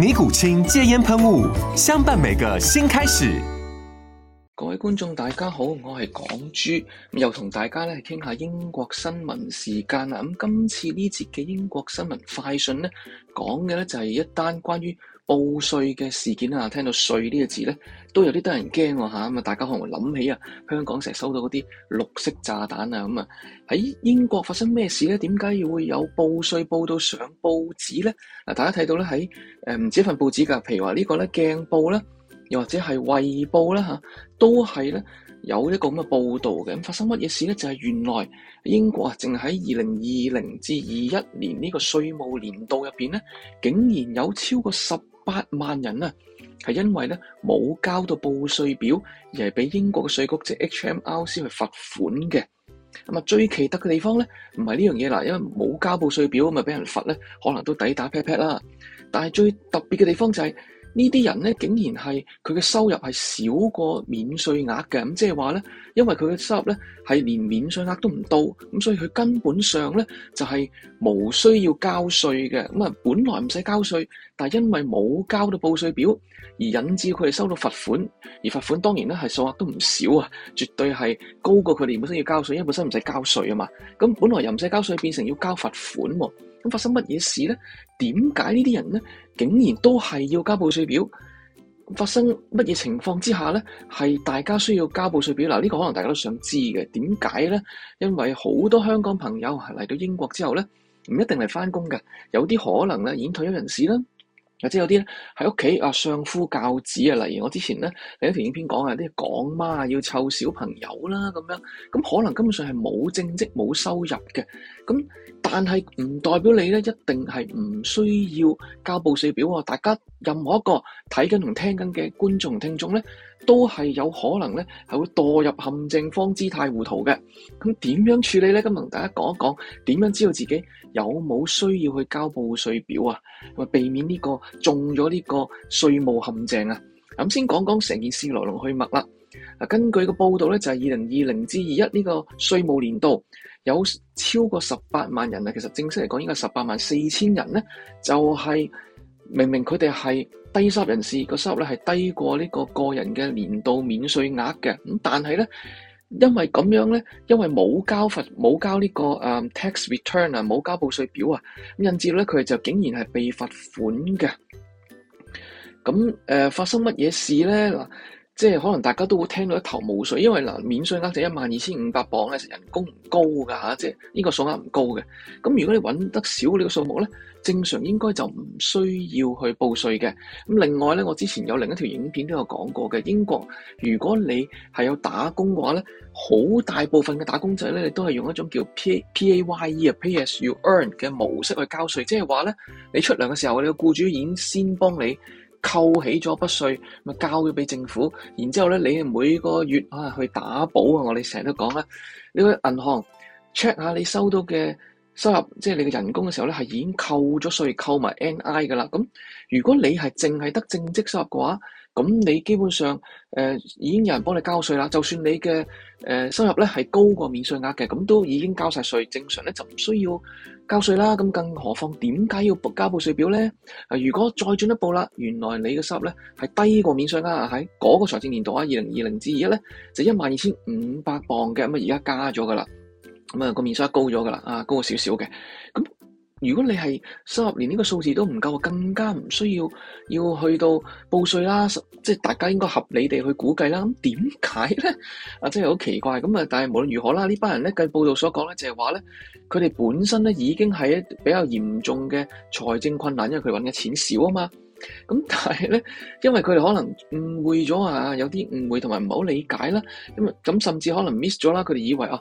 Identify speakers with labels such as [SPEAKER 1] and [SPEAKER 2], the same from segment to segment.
[SPEAKER 1] 尼古清戒煙噴霧，相伴每個新開始。各位觀眾，大家好，我係港豬，又同大家嚟傾下英國新聞時間啦。咁、嗯、今次呢節嘅英國新聞快訊呢，講嘅就係、是、一單關於。報稅嘅事件啊，聽到稅呢個字咧，都有啲得人驚吓咁啊！大家可能會諗起啊，香港成日收到嗰啲綠色炸彈啊，咁啊喺英國發生咩事咧？點解會有報稅報道上報紙咧？嗱，大家睇到咧喺誒唔止一份報紙噶，譬如話呢個咧鏡報咧，又或者係衛報咧吓，都係咧有一個咁嘅報道嘅。咁發生乜嘢事咧？就係原來英國啊，淨喺二零二零至二一年呢個稅務年度入邊咧，竟然有超過十。八萬人啊，係因為咧冇交到報稅表，而係俾英國嘅稅局即 HMRC 先去罰款嘅。咁啊，最奇特嘅地方咧，唔係呢樣嘢啦，因為冇交報稅表咪俾人罰咧，可能都抵打 pat pat 啦。但係最特別嘅地方就係、是、呢啲人咧，竟然係佢嘅收入係少過免稅額嘅。咁即係話咧，因為佢嘅收入咧係連免稅額都唔到，咁所以佢根本上咧就係、是、冇需要交稅嘅。咁啊，本來唔使交稅。但係因為冇交到報稅表，而引致佢哋收到罰款，而罰款當然咧係數額都唔少啊，絕對係高過佢哋本身要交稅，因為本身唔使交稅啊嘛。咁本來又唔使交稅，變成要交罰款，咁發生乜嘢事咧？點解呢啲人咧竟然都係要交報稅表？發生乜嘢情況之下咧，係大家需要交報稅表？嗱，呢個可能大家都想知嘅，點解咧？因為好多香港朋友嚟到英國之後咧，唔一定嚟翻工嘅，有啲可能咧，已經退休人士啦。嗱，即係有啲喺屋企啊，相夫教子啊，例如我之前咧另一條影片講啊，啲港媽要湊小朋友啦，咁樣，咁可能根本上係冇正職、冇收入嘅，咁。但係唔代表你咧，一定係唔需要交報稅表啊。大家任何一個睇緊同聽緊嘅觀眾同聽眾咧，都係有可能咧，係會墮入陷阱，方知太糊塗嘅。咁點樣處理咧？咁同大家講一講，點樣知道自己有冇需要去交報稅表啊？咪避免呢個中咗呢個稅務陷阱啊！咁先講講成件事來龍去脈啦。根據個報道咧，就係二零二零至二一呢個稅務年度。有超過十八萬人啊，其實正式嚟講應該十八萬四千人咧，就係、是、明明佢哋係低收入人士，個收入咧係低過呢個個人嘅年度免稅額嘅，咁但係咧，因為咁樣咧，因為冇交罰，冇交呢個誒 tax return 啊，冇交報稅表啊，咁引致咧，佢哋就竟然係被罰款嘅。咁誒、呃，發生乜嘢事咧？即係可能大家都會聽到一頭霧水，因為嗱，免稅額就一萬二千五百磅咧，人工唔高㗎，即係呢個數額唔高嘅。咁如果你揾得少呢個數目咧，正常應該就唔需要去報稅嘅。咁另外咧，我之前有另一條影片都有講過嘅，英國如果你係有打工嘅話咧，好大部分嘅打工仔咧，你都係用一種叫 P P A Y E 啊，Pay As You Earn 嘅模式去交稅，即係話咧，你出糧嘅時候，你個僱主已經先幫你。扣起咗筆稅，咪交咗俾政府，然之後咧，你每個月啊去打保啊，我哋成日都講啦，你去銀行 check 下你收到嘅收入，即係你嘅人工嘅時候咧，係已經扣咗稅，扣埋 NI 噶啦。咁如果你係淨係得正職收入嘅話，咁你基本上，誒、呃、已經有人幫你交稅啦。就算你嘅誒、呃、收入咧係高過免稅額嘅，咁都已經交晒稅，正常咧就唔需要交稅啦。咁更何況點解要補交報稅表咧、呃？如果再進一步啦，原來你嘅收入咧係低過免稅額啊，喺嗰個財政年度啊，二零二零至二一咧就一萬二千五百磅嘅，咁啊而家加咗噶啦，咁啊個免稅額高咗噶啦，啊高少少嘅，咁。如果你係收入連呢個數字都唔夠，更加唔需要要去到報稅啦，即係大家應該合理地去估計啦。咁點解咧？啊，真係好奇怪。咁啊，但係無論如何啦，呢班人咧，據報道所講咧，就係話咧，佢哋本身咧已經係比較嚴重嘅財政困難，因為佢揾嘅錢少啊嘛。咁但係咧，因為佢哋可能誤會咗啊，有啲誤會同埋唔好理解啦。咁啊，咁甚至可能 miss 咗啦，佢哋以為啊，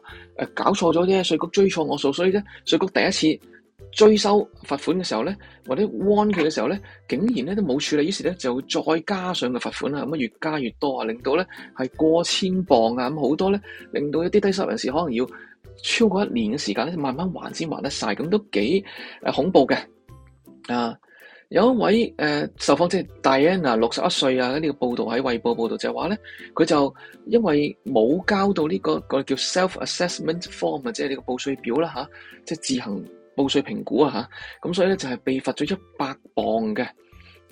[SPEAKER 1] 搞錯咗啫，稅局追錯我數，所以啫，稅局第一次。追收罰款嘅時候咧，或者 warn 佢嘅時候咧，竟然咧都冇處理，於是咧就會再加上個罰款啊，咁樣越加越多啊，令到咧係過千磅啊，咁好多咧，令到一啲低收入人士可能要超過一年嘅時間咧，慢慢還先還得晒。咁都幾誒恐怖嘅。啊，有一位誒、呃、受訪者 Diana 啊，六十一歲啊，呢、這個報道喺《衛報》報道就話咧，佢就因為冇交到呢、這個、這個叫 self assessment form 啊，即係呢個報稅表啦嚇、啊，即係自行，報稅評估啊吓，咁所以咧就係被罰咗一百磅嘅，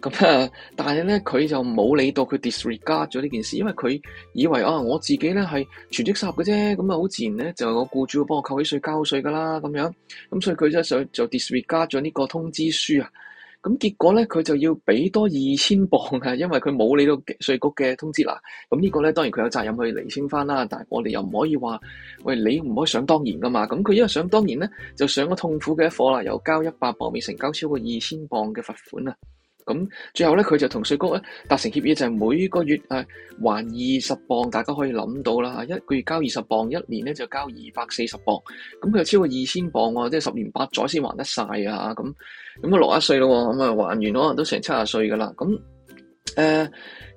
[SPEAKER 1] 咁啊，但係咧佢就冇理到佢 disregard 咗呢件事，因為佢以為啊我自己咧係全職收入嘅啫，咁啊好自然咧就係我僱主會幫我扣起稅交稅噶啦，咁樣，咁所以佢真係就就 disregard 咗呢個通知書啊。咁結果咧，佢就要俾多二千磅呀，因為佢冇理到稅局嘅通知啦。咁呢個咧，當然佢有責任去釐清翻啦。但係我哋又唔可以話，喂，你唔可以想當然噶嘛。咁佢因為想當然咧，就上咗痛苦嘅一課啦，由交一百磅，未成交超過二千磅嘅罰款啊！咁最後咧，佢就同稅局咧達成協議，就係每個月誒還二十磅，大家可以諗到啦嚇，一個月交二十磅，一年咧就交二百四十磅，咁佢又超過二千磅喎，即係十年八載先還得晒啊嚇咁，咁啊六十一歲咯，咁啊還完可能都成七十歲噶啦，咁誒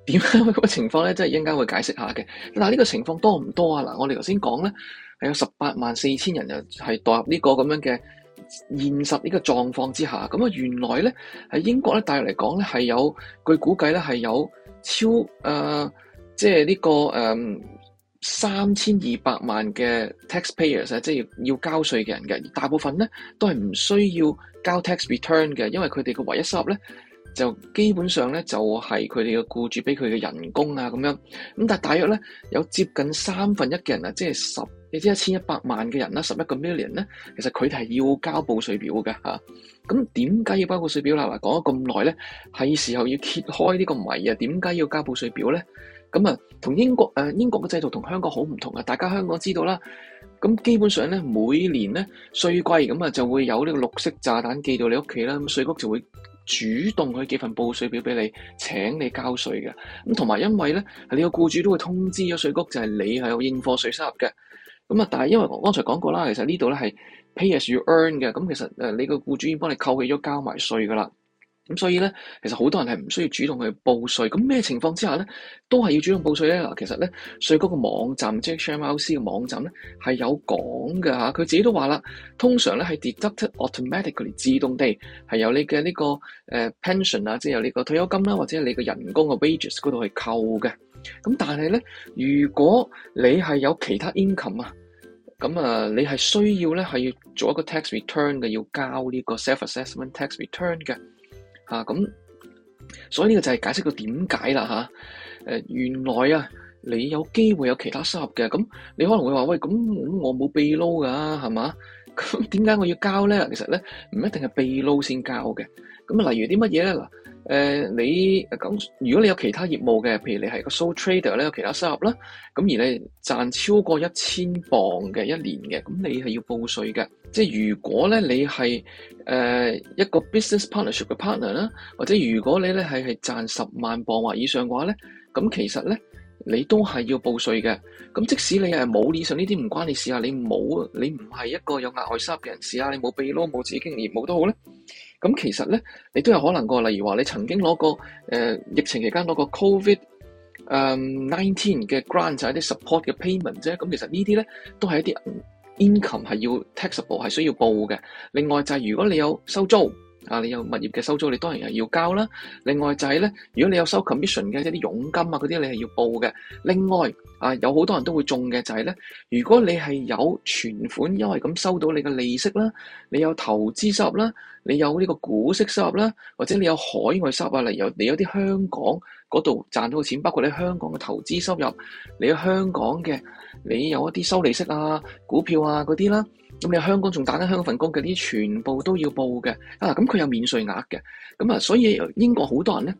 [SPEAKER 1] 點解咁嘅情況咧？即係陣間會解釋下嘅。嗱，呢個情況多唔多啊？嗱，我哋頭先講咧係有十八萬四千人就係墮入呢個咁樣嘅。現實呢個狀況之下，咁啊原來咧喺英國咧大約嚟講咧係有據估計咧係有超誒即係呢個誒三千二百萬嘅 taxpayers 咧，即係、這個呃、要交稅嘅人嘅，大部分咧都係唔需要交 tax return 嘅，因為佢哋嘅唯一收入咧就基本上咧就係佢哋嘅僱主俾佢嘅人工啊咁樣，咁但係大約咧有接近三分一嘅人啊，即係十。你知一千一百萬嘅人啦，十一個 million 咧，其實佢哋係要交報稅表嘅嚇。咁點解要交報稅表啦？嗱，講咗咁耐咧，係時候要揭開呢個謎啊！點解要交報稅表咧？咁啊，同英國誒英國嘅制度同香港好唔同啊！大家香港知道啦。咁基本上咧，每年咧稅季咁啊，就會有呢個綠色炸彈寄到你屋企啦。咁稅局就會主動去寄份報稅表俾你，請你交稅嘅。咁同埋因為咧，你個僱主都會通知咗稅局，就係你係有應課稅收入嘅。咁啊！但係因為我剛才講過啦，其實呢度咧係 pay as you earn 嘅，咁其實你個雇主已經幫你扣起咗交埋稅噶啦，咁所以咧，其實好多人係唔需要主動去報稅。咁咩情況之下咧都係要主動報稅咧？嗱，其實咧稅局個網站即係 HMRC 嘅網站咧係有講嘅吓，佢自己都話啦，通常咧係 deducted automatically 自動地係由你嘅呢、呢個、uh, pension 啊，即係由你個退休金啦，或者你個人工嘅 wages 嗰度去扣嘅。咁但係咧，如果你係有其他 income 啊？咁啊，你係需要咧，係要做一個 tax return 嘅，要交呢個 self assessment tax return 嘅，吓、啊，咁。所以呢個就係解釋到點解啦，吓，誒，原來啊，你有機會有其他收入嘅，咁你可能會話喂，咁我冇被撈㗎，係嘛？咁點解我要交咧？其實咧，唔一定係被撈先交嘅。咁啊，例如啲乜嘢咧？呃、你咁，如果你有其他業務嘅，譬如你係個 sole trader 咧，有其他收入啦，咁而你賺超過一千磅嘅一年嘅，咁你係要報稅嘅。即係如果咧你係、呃、一個 business partnership 嘅 partner 啦，或者如果你咧係賺十萬磅或以上嘅話咧，咁其實咧你都係要報稅嘅。咁即使你係冇以上呢啲唔關你事啊，你冇你唔係一個有額外收入嘅人士啊，你冇秘咯，冇自己經營業務都好咧。咁其實咧，你都有可能過，例如話你曾經攞過誒疫情期間攞過 Covid nineteen 嘅 grant 就係啲 support 嘅 payment 啫。咁其實呢啲咧都係一啲 income 係要 taxable 係需要報嘅。另外就係，如果你有收租。啊！你有物業嘅收租，你當然係要交啦。另外就係咧，如果你有收 commission 嘅即係啲佣金啊嗰啲，你係要報嘅。另外啊，有好多人都會中嘅就係咧，如果你係有存款，因為咁收到你嘅利息啦，你有投資收入啦，你有呢個股息收入啦，或者你有海外收入，例如你有啲香港嗰度賺到嘅錢，包括你香港嘅投資收入，你有香港嘅，你有一啲收利息啊、股票啊嗰啲啦。咁你香港仲打緊香港份工啲全部都要報嘅。啊，咁佢有免稅額嘅。咁啊，所以英國好多人咧，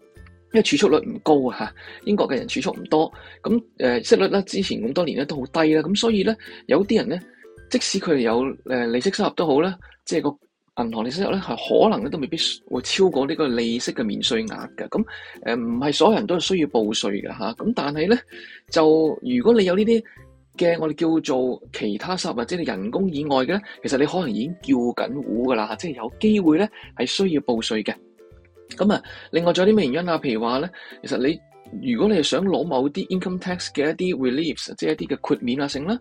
[SPEAKER 1] 因為儲蓄率唔高啊，英國嘅人儲蓄唔多。咁誒息率咧，之前咁多年咧都好低啦。咁所以咧，有啲人咧，即使佢哋有誒利息收入都好啦，即係個銀行利息收入咧係可能咧都未必會超過呢個利息嘅免稅額嘅。咁唔係所有人都係需要報稅嘅。咁但係咧，就如果你有呢啲。嘅我哋叫做其他收入或者人工以外嘅咧，其實你可能已經叫緊戶噶啦，即係有機會咧係需要報稅嘅。咁啊，另外仲有啲咩原因啊？譬如話咧，其實你如果你係想攞某啲 income tax 嘅一啲 reliefs，即係一啲嘅豁免啊，性啦。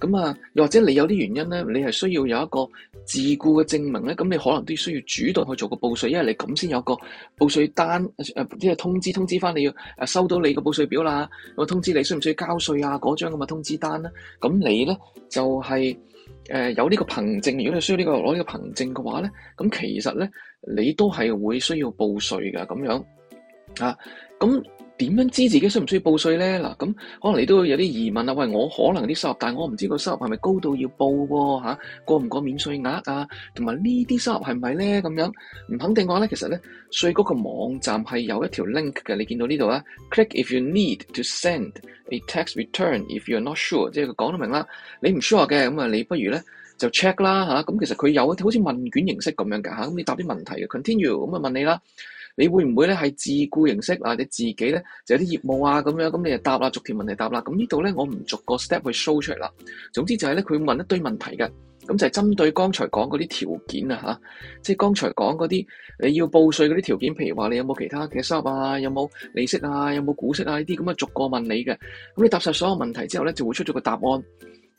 [SPEAKER 1] 咁啊，又或者你有啲原因咧，你係需要有一個。自雇嘅證明咧，咁你可能都需要主動去做個報稅，因為你咁先有個報稅單，誒即係通知通知返你要誒收到你嘅報稅表啦，我通知你需唔需要交稅啊，嗰張咁嘅通知單啦，咁你咧就係、是、誒、呃、有呢個憑證，如果你需要呢、這個攞呢個憑證嘅話咧，咁其實咧你都係會需要報稅嘅咁樣啊，咁。點樣知自己需唔需要報稅咧？嗱，咁可能你都會有啲疑問啦。喂，我可能啲收入，但係我唔知個收入係咪高度要報喎、啊？嚇、啊，過唔過免稅額啊？同埋呢啲收入係咪咧？咁樣唔肯定嘅話咧，其實咧，稅局嘅網站係有一條 link 嘅。你見到呢度啦，check if you need to send a tax return if you're not sure，即係佢講得明啦。你唔 sure 嘅咁啊，你不，你不如咧就 check 啦嚇。咁、啊嗯、其實佢有好似問卷形式咁樣㗎嚇。咁、啊嗯、你答啲問題嘅 continue 咁、嗯、啊，問你啦。你會唔會咧係自雇形式啊？你自己咧就有啲業務啊，咁樣咁你就答啦，逐條問題答啦。咁呢度咧我唔逐個 step 去 show 出嚟啦。總之就係咧佢問一堆問題嘅，咁就係針對剛才講嗰啲條件啊吓，即係剛才講嗰啲你要報稅嗰啲條件，譬如話你有冇其他嘅收入啊，有冇利息啊，有冇股息啊呢啲咁啊，逐個問你嘅。咁你答晒所有問題之後咧，就會出咗個答案。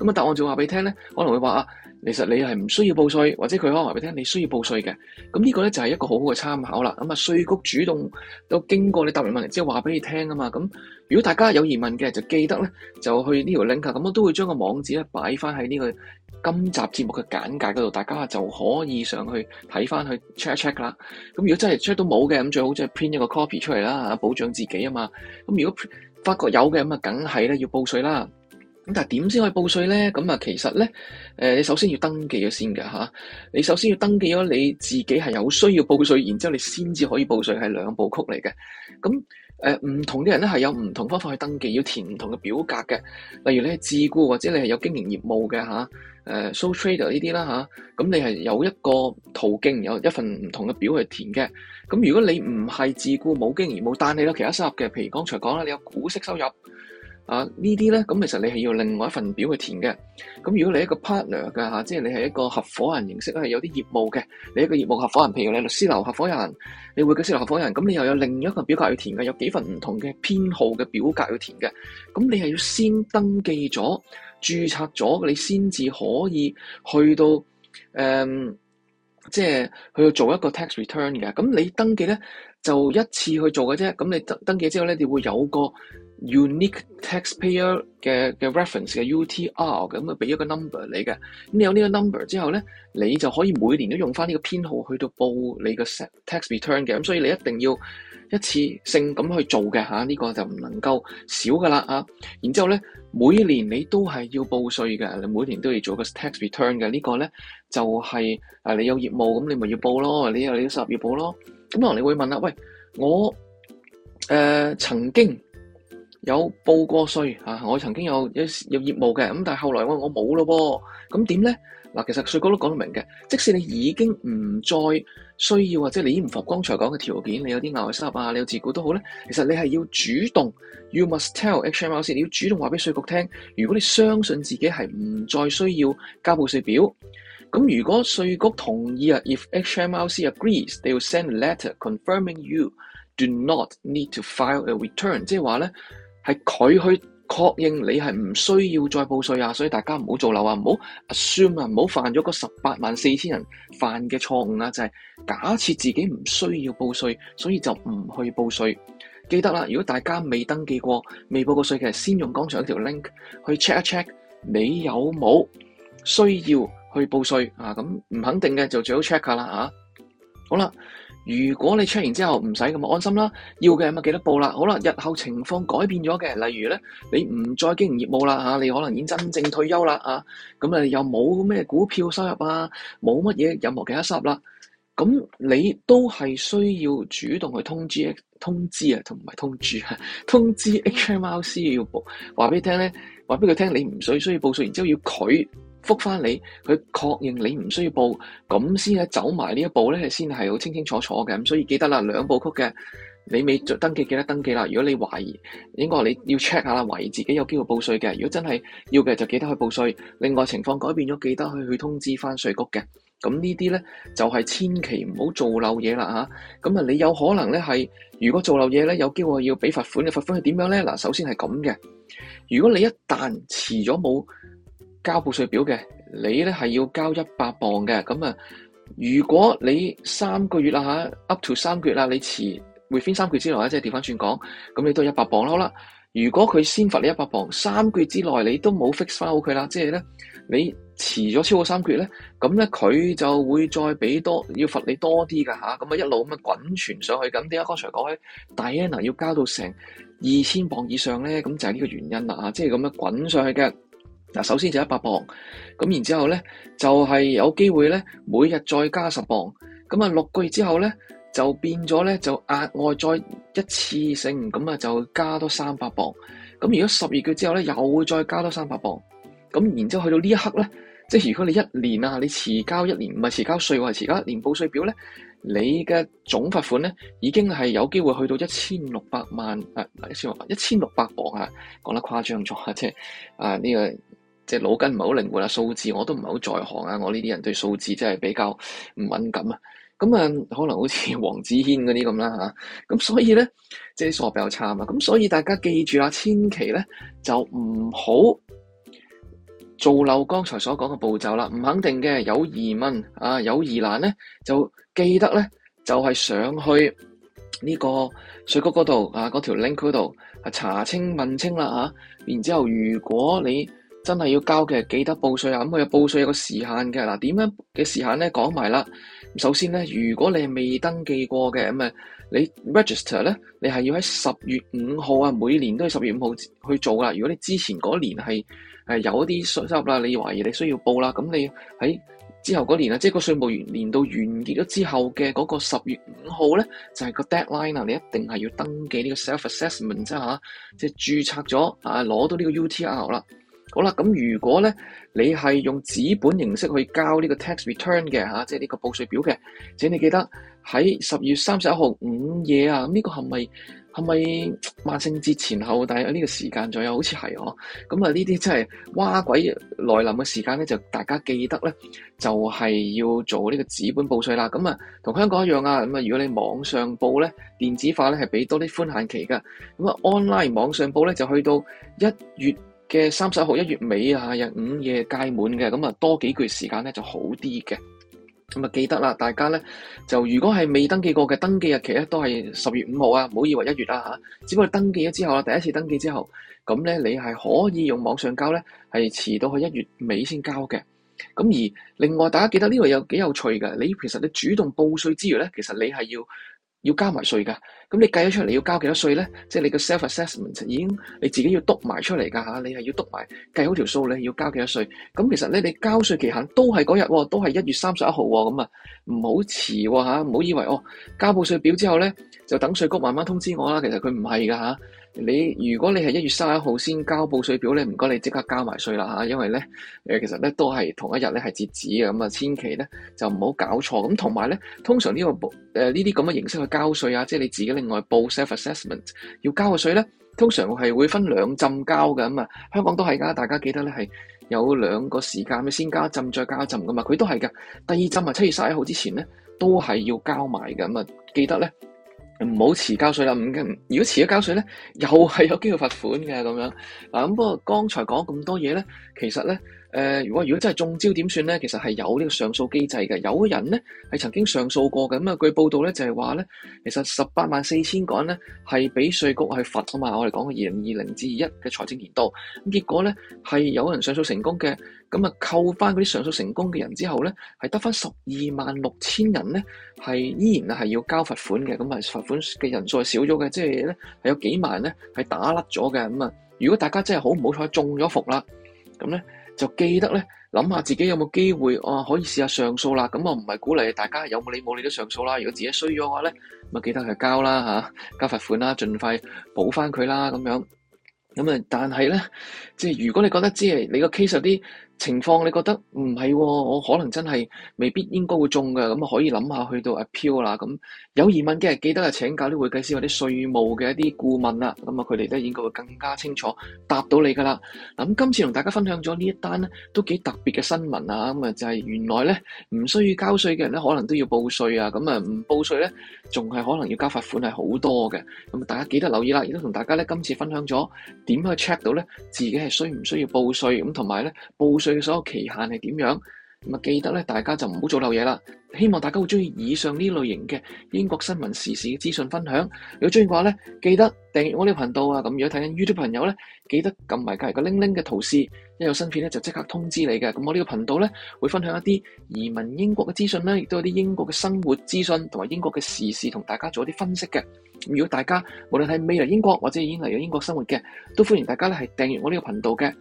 [SPEAKER 1] 咁啊，答案就話俾你聽咧，可能會話啊，其實你係唔需要報稅，或者佢可能話俾你聽你需要報稅嘅。咁呢個咧就係一個好好嘅參考啦。咁啊，稅局主動都經過你答完問題之後話俾你聽啊嘛。咁如果大家有疑問嘅，就記得咧就去呢條 link。咁我都會將個網址咧擺翻喺呢個今集節目嘅簡介嗰度，大家就可以上去睇翻去 check 一 check 啦。咁如果真係 check 到冇嘅，咁最好即係 print 一個 copy 出嚟啦，保障自己啊嘛。咁如果發覺有嘅，咁啊梗係咧要報稅啦。咁但係點先可以報稅咧？咁啊，其實咧，誒、呃，你首先要登記咗先嘅嚇、啊。你首先要登記咗你自己係有需要報稅，然之後你先至可以報稅，係兩部曲嚟嘅。咁、嗯、誒，唔、呃、同啲人咧係有唔同方法去登記，要填唔同嘅表格嘅。例如你係自雇或者你係有經營業務嘅嚇，誒、啊、sole trader 呢啲啦嚇。咁、啊嗯、你係有一個途徑，有一份唔同嘅表去填嘅。咁、嗯、如果你唔係自雇冇經營業務，但係有其他收入嘅，譬如剛才講啦，你有股息收入。啊！呢啲咧，咁其實你係要另外一份表去填嘅。咁如果你係一個 partner 嘅、啊、即係你係一個合夥人形式，係有啲業務嘅。你一個業務合夥人，譬如你律師樓合夥人，你會計師樓合夥人，咁你又有另一個表格要填嘅，有幾份唔同嘅編號嘅表格要填嘅。咁你係要先登記咗、註冊咗，你先至可以去到、嗯、即係去做一個 tax return 嘅。咁你登記咧，就一次去做嘅啫，咁你登登記之後咧，你會有個 unique taxpayer 嘅嘅 reference 嘅 UTR 咁啊俾咗個 number 你嘅。咁你有呢個 number 之後咧，你就可以每年都用翻呢個編號去到報你個 set tax return 嘅。咁所以你一定要一次性咁去做嘅嚇，呢、啊呢個就唔能夠少噶啦、啊、然之後咧，每年你都係要報稅嘅，你每年都要做個 tax return 嘅。呢個、呢個咧就係、是、你有業務咁你咪要報咯，你又你要收入要報咯。咁可能你會問啦，喂，我誒、呃、曾經有報過稅啊，我曾經有有業務嘅，咁但係後來我我冇咯噃。咁點咧？嗱，其實稅局都講得明嘅，即使你已經唔再需要或者你已經唔符合剛才講嘅條件，你有啲額外收入啊，你有自雇都好咧，其實你係要主動，you must tell HMRC，你要主動話俾稅局聽，如果你相信自己係唔再需要交報稅表。咁如果稅局同意啊，if HMRC agrees，they will send a letter confirming you do not need to file a return，即係話咧係佢去確認你係唔需要再報稅啊，所以大家唔好做漏啊，唔好 assume 啊，唔好犯咗個十八萬四千人犯嘅錯誤啊，就係、是、假設自己唔需要報稅，所以就唔去報稅。記得啦，如果大家未登記過、未報過稅嘅，先用剛才條 link 去 check 一 check 你有冇需要。去報稅啊！咁唔肯定嘅就最好 check 下啦、啊、好啦，如果你 check 完之後唔使咁，安心啦。要嘅咪記得報啦。好啦，日後情況改變咗嘅，例如咧你唔再經營業務啦、啊、你可能已經真正退休啦啊！咁啊又冇咩股票收入啊，冇乜嘢任何其他收入啦、啊，咁你都係需要主動去通知通知啊，同埋通知、啊、通知 HMRC 要報。話俾你聽咧，話俾佢聽你唔需需要報稅，然之後要佢。覆翻你，佢確認你唔需要報，咁先喺走埋呢一步咧，先係好清清楚楚嘅。咁所以記得啦，兩部曲嘅，你未登記記得登記啦。如果你懷疑，應該你要 check 下啦，懷疑自己有機會報稅嘅。如果真係要嘅，就記得去報稅。另外情況改變咗，記得去去通知翻稅局嘅。咁呢啲咧就係千祈唔好做漏嘢啦嚇。咁啊，你有可能咧係，如果做漏嘢咧，有機會要俾罰款嘅，罰款係點樣咧？嗱，首先係咁嘅，如果你一旦遲咗冇交報稅表嘅，你咧係要交一百磅嘅，咁啊，如果你三個月啦吓、啊、u p to 三個月啦，你遲 within 三個月之內咧，即係調翻轉講，咁你都一百磅咯啦。好啦，如果佢先罰你一百磅，三個月之內你都冇 fix 翻好佢啦，即係咧你遲咗超過三個月咧，咁咧佢就會再俾多，要罰你多啲噶吓，咁啊一路咁啊滾傳上去咁。點解剛才講起大 n a 要交到成二千磅以上咧？咁就係呢個原因啦吓、啊，即係咁樣滾上去嘅。嗱，首先就一百磅，咁然之後咧就係有機會咧，每日再加十磅，咁啊六個月之後咧就變咗咧就額外再一次性咁啊就加多三百磅，咁如果十二個月之後咧又會再加多三百磅，咁然之後去到呢一刻咧，即係如果你一年啊，你遲交一年唔係遲交稅喎，係遲交一年報稅表咧，你嘅總罰款咧已經係有機會去到一千六百萬啊，一千六百一千六百磅啊，講得誇張咗啊，即係啊呢個。即係腦筋唔係好靈活啦，數字我都唔係好在行啊。我呢啲人對數字真係比較唔敏感啊。咁啊，可能好似黃子軒嗰啲咁啦嚇。咁所以咧，即係數學比較差嘛。咁所以大家記住啊，千祈咧就唔好做漏剛才所講嘅步驟啦。唔肯定嘅有疑問啊，有疑難咧，就記得咧就係、是、上去呢個稅局嗰度啊，嗰條 link 嗰度係查清問清啦嚇、啊。然之後，如果你真係要交嘅，記得報稅啊！咁、嗯、佢報稅有個時限嘅嗱，點、啊、樣嘅時限咧？講埋啦。首先咧，如果你係未登記過嘅咁啊，你 register 咧，你係要喺十月五號啊，每年都係十月五號去做啦。如果你之前嗰年係誒、呃、有啲收入啦，你懷疑你需要報啦，咁你喺之後嗰年啊，即、就、係、是、個稅務年年度完結咗之後嘅嗰個十月五號咧，就係、是、個 deadline 啊！你一定係要登記呢個 self assessment 即係即註冊咗啊，攞到呢個 U T R 啦。好啦，咁如果咧你係用紙本形式去交呢個 tax return 嘅即係呢個報稅表嘅，請你記得喺十月三十一號午夜啊！咁、嗯、呢個係咪係咪萬聖節前後？但係呢個時間左右好似係哦。咁啊，呢啲真係哇鬼來臨嘅時間咧，就大家記得咧，就係要做呢個紙本報稅啦。咁啊，同香港一樣啊，咁啊，如果你網上報咧，電子化咧係俾多啲寬限期㗎。咁啊，online 網上報咧就去到一月。嘅三十一號一月尾啊，日午夜屆滿嘅。咁啊，多幾個月時間咧就好啲嘅咁啊。記得啦，大家咧就如果係未登記過嘅登記日期咧，都係十月五號啊，唔好以為一月啦吓。只不過登記咗之後啦，第一次登記之後咁咧，你係可以用網上交咧，係遲到去一月尾先交嘅。咁而另外，大家記得呢個有幾有趣嘅，你其實你主動報稅之餘咧，其實你係要。要，稅要交埋稅噶，咁、就是、你計咗出嚟要交幾多稅咧？即係你嘅 self assessment 已經你自己要督埋出嚟噶嚇，你係要督埋計好條數，你要交幾多稅？咁其實咧，你交稅期限都係嗰日喎，都係一月三十一號喎，咁啊唔好遲喎。唔好以為哦交報稅表之後咧就等稅局慢慢通知我啦，其實佢唔係噶嚇。你如果你係一月三十一號先交報稅表咧，唔該你即刻交埋稅啦，因為咧、呃、其實咧都係同一日咧係截止嘅，咁、嗯、啊千祈咧就唔好搞錯。咁同埋咧，通常呢、這個呢啲咁嘅形式去交稅啊，即係你自己另外報 self assessment 要交嘅稅咧，通常係會分兩浸交嘅咁啊。香港都係噶，大家記得咧係有兩個時間先交一浸再交一浸噶嘛。佢都係噶，第二浸啊七月卅一號之前咧都係要交埋㗎。咁、嗯、啊。記得咧。唔好遲交稅啦，唔驚。如果遲咗交稅咧，又係有機會罰款嘅咁樣。嗱，咁不過剛才講咁多嘢咧，其實咧。誒、呃，如果如果真係中招點算咧？其實係有呢個上訴機制嘅。有人咧係曾經上訴過嘅咁啊。據報道咧就係話咧，其實十八萬四千個人咧係俾稅局係罰啊嘛。我哋講嘅二零二零至二一嘅財政年度咁，結果咧係有人上訴成功嘅咁啊，扣翻嗰啲上訴成功嘅人之後咧係得翻十二萬六千人咧係依然係要交罰款嘅咁啊，罰款嘅人數係少咗嘅，即係咧係有幾萬咧係打甩咗嘅咁啊。如果大家真係好唔好彩中咗伏啦咁咧？就記得咧，諗下自己有冇機會、啊、可以試下上訴啦。咁啊，唔係鼓勵大家有冇理冇理都上訴啦。如果自己需要嘅話咧，咁啊記得去交啦、吓、交罰款啦，盡快補翻佢啦咁樣。咁、嗯、啊，但係咧，即係如果你覺得即係你個 case 有啲，情況你覺得唔係喎，我可能真係未必應該會中嘅，咁啊可以諗下去到 appeal 啦。咁有疑問嘅，記得啊請教啲會計師或者稅務嘅一啲顧問啦。咁啊佢哋咧應該會更加清楚答到你噶啦。咁今次同大家分享咗呢一單咧，都幾特別嘅新聞啊。咁啊就係原來咧唔需要交稅嘅人咧，可能都要報稅啊。咁啊唔報稅咧，仲係可能要交罰款係好多嘅。咁大家記得留意啦。亦都同大家咧今次分享咗點樣去 check 到咧自己係需唔需要報稅咁同埋咧報稅。佢所有期限係點樣？咁啊，記得咧，大家就唔好做漏嘢啦。希望大家會中意以上呢類型嘅英國新聞時事嘅資訊分享。如果中意嘅話咧，記得訂閱我呢個頻道啊。咁如果睇緊 YouTube 朋友咧，記得撳埋隔籬個鈴鈴嘅圖示，一有新片咧就即刻通知你嘅。咁我呢個頻道咧會分享一啲移民英國嘅資訊咧，亦都有啲英國嘅生活資訊同埋英國嘅時事，同大家做一啲分析嘅。咁如果大家無論係未來英國或者已經嚟咗英國生活嘅，都歡迎大家咧係訂閱我呢個頻道嘅。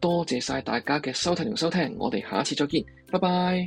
[SPEAKER 1] 多謝晒大家嘅收睇同收聽，我哋下次再見，拜拜。